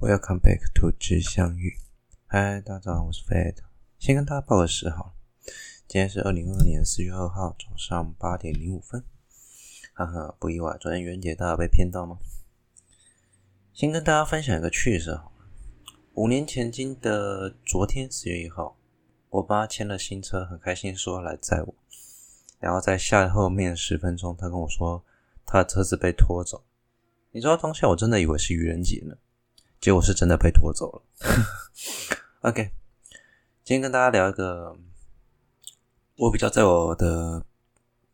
Welcome back to 相遇。嗨，大家好，我是 Fed。先跟大家報個時好了，今天是二零二二年四月二號早上八點零五分。哈、啊、哈，不意外，昨天愚人節大家被騙到嗎？先跟大家分享一個趣事好了。五年前，今的昨天，四月一號，我爸簽了新車，很開心說來載我。然後在下後面十分鐘，他跟我說他的車子被拖走。你知道，當下我真的以為是愚人節呢。結果是真的被拖走了。 OK，今天跟大家聊一個我比較在我的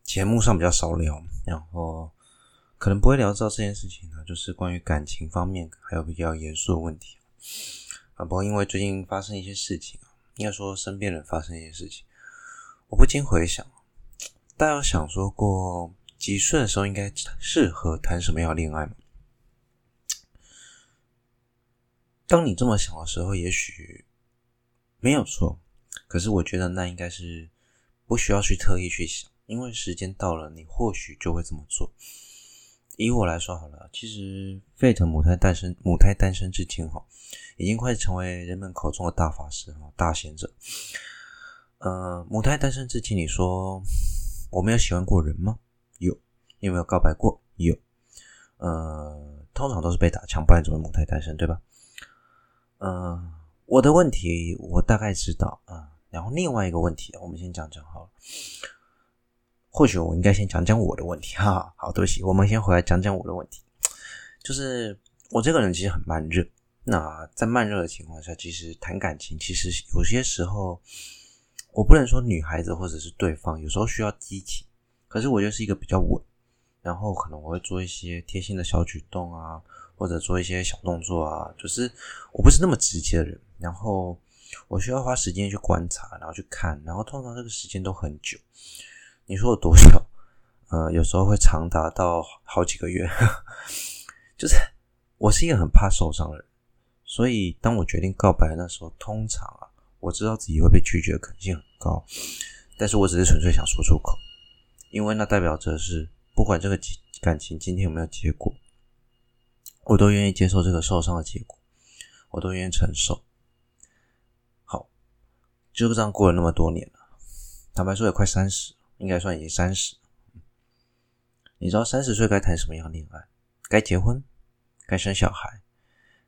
節目上比較少聊，然後可能不會聊到這件事情的，就是關於感情方面還有比較嚴肅的問題啊。不過因為最近發生一些事情，應該說身邊人發生一些事情，我不禁回想，大家有想說過幾歲的時候應該適合談什麼樣戀愛嗎？當你這麼想的時候，也許沒有錯。可是我覺得那應該是不需要去特意去想，因為時間到了，你或許就會這麼做。以我來說好了，其實費騰母胎單身，母胎單身至今哈，已經快成為人們口中的大法師哈，大賢者。呃，母胎單身至今，你說我沒有喜歡過人嗎？有。你有沒有告白過？有。呃，通常都是被打槍，不然怎麼母胎單身，對吧？嗯，我的問題我大概知道啊，嗯。然後另外一個問題，我們先講講好了。或許我應該先講講我的問題哈哈。好，對不起，我們先回來講講我的問題。就是我這個人其實很慢熱。那在慢熱的情況下，其實談感情，其實有些時候我不能說女孩子或者是對方有時候需要激情，可是我就是一個比較穩。然後可能我會做一些貼心的小舉動啊。或者做一些小動作啊，就是我不是那麼直接的人，然後我需要花時間去觀察，然後去看，然後通常這個時間都很久。你說我多久？呃，有時候會長達到好幾個月。 就是我是一個很怕受傷的人，所以當我決定告白的時候，通常啊，我知道自己會被拒絕的可能性很高，但是我只是純粹想說出口，因為那代表着是不管這個感情今天有沒有結果。我都願意接受這個受傷的結果，我都願意承受。好，就這樣過了那麼多年了，坦白說也快三十，應該算已經三十。你知道三十歲該談什麼樣戀愛？該結婚？該生小孩？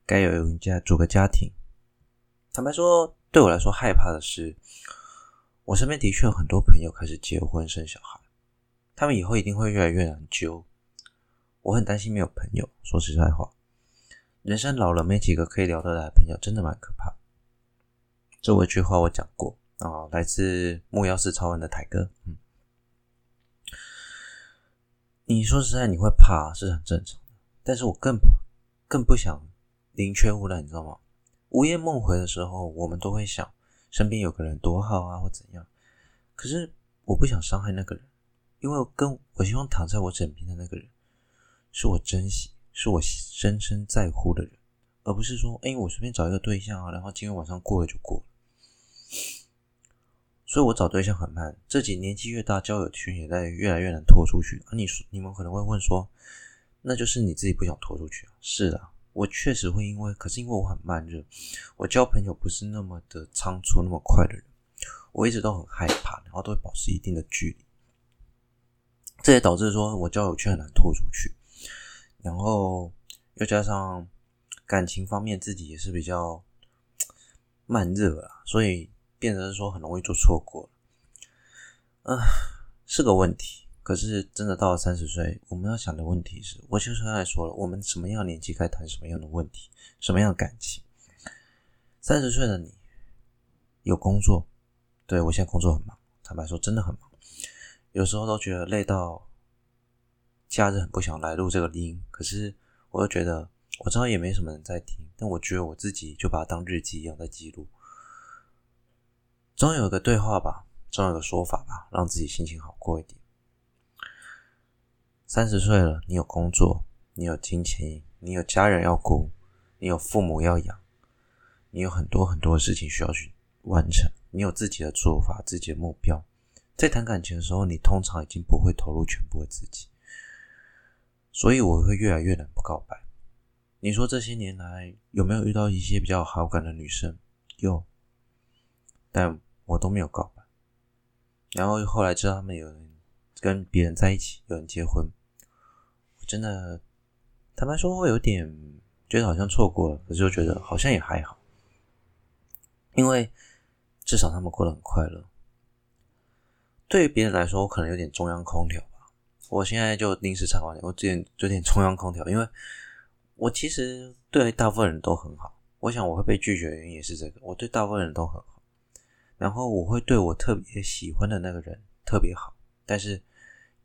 該有人家組個家庭？坦白說，對我來說害怕的是，我身邊的確有很多朋友開始結婚生小孩，他們以後一定會越來越難揪。我很擔心沒有朋友。說實在話，人生老了沒幾個可以聊得來的朋友，真的蠻可怕。這有一句話我講過啊，來自木曜市超人的邰哥。嗯，你說實在，你會怕是很正常，但是我更更不想寧缺毋濫，你知道嗎？午夜夢回的時候，我們都會想身邊有個人多好啊，或怎樣。可是我不想傷害那個人，因為我跟，我希望躺在我枕邊的那個人。是我珍惜，是我深深在乎的人，而不是說哎、欸，我隨便找一個對象啊，然後今天晚上過了就過了。所以我找對象很慢，這幾年紀越大，交友圈也在越來越難拖出去。啊你，你說你們可能會問說，那就是你自己不想拖出去啊？是的、啊，我確實會因為，可是因為我很慢熱，我交朋友不是那麼的倉促、那麼快的人，我一直都很害怕，然後都會保持一定的距離，這也導致說我交友圈很難拖出去。然後又加上感情方面，自己也是比較慢熱啊，所以變成說很容易就錯過，啊、呃，是個問題。可是真的到了三十歲，我們要想的問題是，我就是剛才說了，我們什麼樣的年紀該談什麼樣的問題，什麼樣的感情。三十歲的你有工作，對，我現在工作很忙，坦白說真的很忙，有時候都覺得累到。假日很不想來錄這個音，可是我又覺得，我知道也沒什麼人在聽，但我覺得我自己就把它當日記一樣在記錄。總有一個對話吧，總有個說法吧，讓自己心情好過一點。三十歲了，你有工作，你有金錢，你有家人要顧，你有父母要養，你有很多很多的事情需要去完成，你有自己的做法，自己的目標。在談感情的時候，你通常已經不會投入全部的自己。所以我會越來越難不告白。你說這些年來有沒有遇到一些比較好感的女生？有，但我都沒有告白。然後後來知道他們有人跟別人在一起，有人結婚，我真的坦白說會有點覺得好像錯過了，可是又覺得好像也還好，因為至少他們過得很快樂。對於別人來說，我可能有點中央空調。我現在就臨時插話，我之前有，有點中央空調，因為我其實對大部分人都很好，我想我會被拒絕的原因也是這個，我對大部分人都很好，然後我會對我特別喜歡的那個人特別好，但是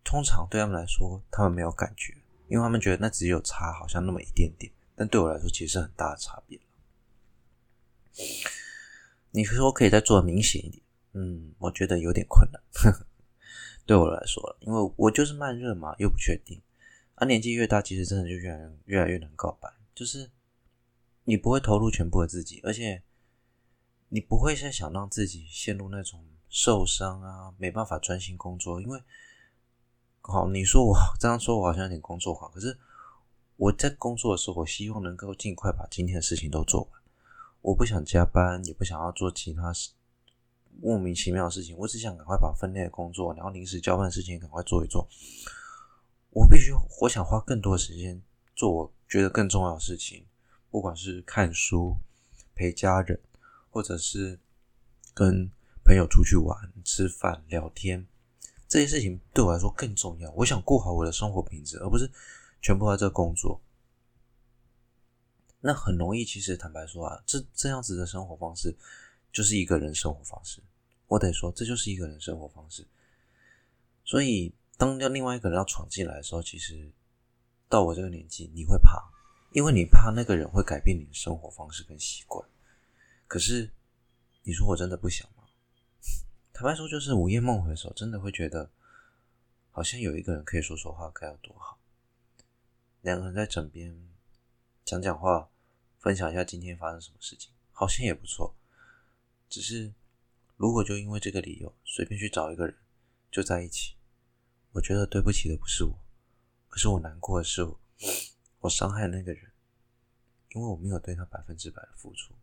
通常對他們來說，他們沒有感覺，因為他們覺得那只有差好像那麼一點點，但對我來說，其實是很大的差別。你說可以再做明顯一點，嗯，我覺得有點困難。呵呵對我來說，因為我就是慢熱嘛，又不確定。啊，年紀越大，其實真的就越來越來越難告白，就是你不會投入全部的自己，而且你不會再想讓自己陷入那種受傷啊，沒辦法專心工作。因為，好，你說我這樣說，我好像有點工作狂。可是我在工作的時候，我希望能夠儘快把今天的事情都做完，我不想加班，也不想要做其他事。莫名其妙的事情，我只想趕快把分內的工作，然後臨時交辦的事情趕快做一做。我必須，我想花更多的時間做我覺得更重要的事情，不管是看書、陪家人，或者是跟朋友出去玩、吃飯、聊天，這些事情對我來說更重要。我想過好我的生活品質，而不是全部在這工作。那很容易，其實坦白說啊，這這樣子的生活方式就是一個人生活方式。我得說，這就是一個人生活方式。所以，當要另外一個人要闖進來的時候，其實到我這個年紀，你會怕，因為你怕那個人會改變你的生活方式跟習慣。可是，你說我真的不想嗎？坦白說，就是午夜夢回的時候，真的會覺得，好像有一個人可以說說話，該有多好。兩個人在枕邊講講話，分享一下今天發生什麼事情，好像也不錯。只是。如果就因為這個理由隨便去找一個人就在一起，我覺得對不起的不是我，可是我難過的是我，我傷害了那個人，因為我沒有對他百分之百的付出。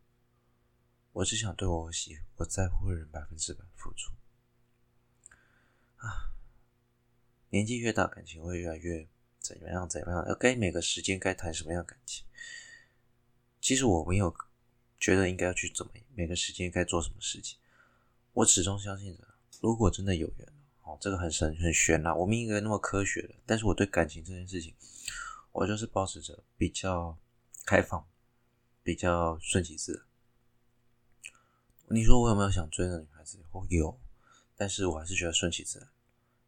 我只想對我喜歡我在乎的人百分之百付出。啊，年紀越大，感情會越來越怎樣怎樣？要該每個時間該談什麼樣的感情？其實我沒有覺得應該要去怎麼每個時間該做什麼事情。我始終相信着，如果真的有緣，哦，這個很神很玄吶、啊。我們應該那麼科學的，但是我對感情這件事情，我就是保持着，着比較開放，比較順其自然。你說我有沒有想追的女孩子？我、哦、有，但是我還是覺得順其自然，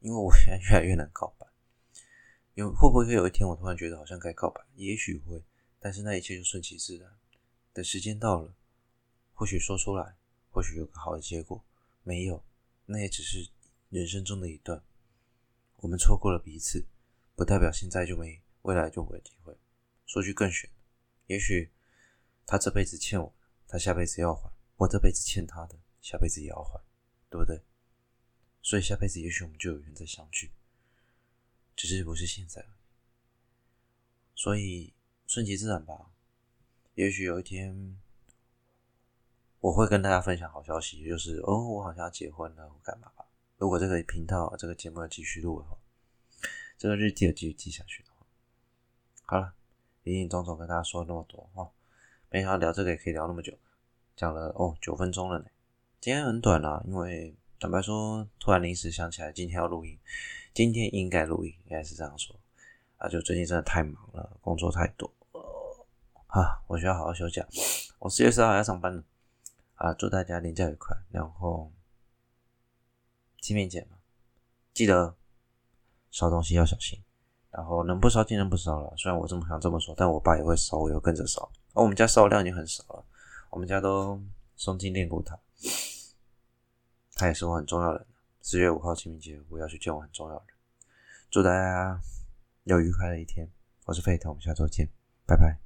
因為我現在越來越難告白。有會不會有一天我突然覺得好像該告白？也許會，但是那一切就順其自然。等時間到了，或許說出來，或許有個好的結果。沒有，那也只是人生中的一段。我們錯過了彼此，不代表現在就沒，未來就沒有機會。說句更玄，也許他這輩子欠我，他下輩子要還；我這輩子欠他的，下輩子也要還，對不對？所以下輩子也許我們就有緣再相聚，只是不是現在。所以順其自然吧，也許有一天。我會跟大家分享好消息，就是哦，我好像要結婚了，我幹嘛吧？如果這個頻道、這個節目要繼續錄的話，這個日記要繼續記下去的話，好了，林林總總跟大家說了那麼多哈、哦，沒想到聊這個也可以聊那麼久，講了哦九分鐘了呢。今天很短啊，因為坦白說，突然臨時想起來今天要錄音，今天應該錄音，應該是這樣說啊，就最近真的太忙了，工作太多，啊，我需要好好休假，我四月四號還要上班呢。啊！祝大家連假愉快，然後清明節嘛，記得燒東西要小心，然後能不燒盡量不燒了。雖然我這麼想這麼說，但我爸也會燒，我也會跟着燒。而、哦、我們家燒量已經很少了，我們家都送進納骨塔，他也是我很重要的人。四月五號清明節，我要去見我很重要的人。祝大家有愉快的一天，我是費特，我們下周見，拜拜。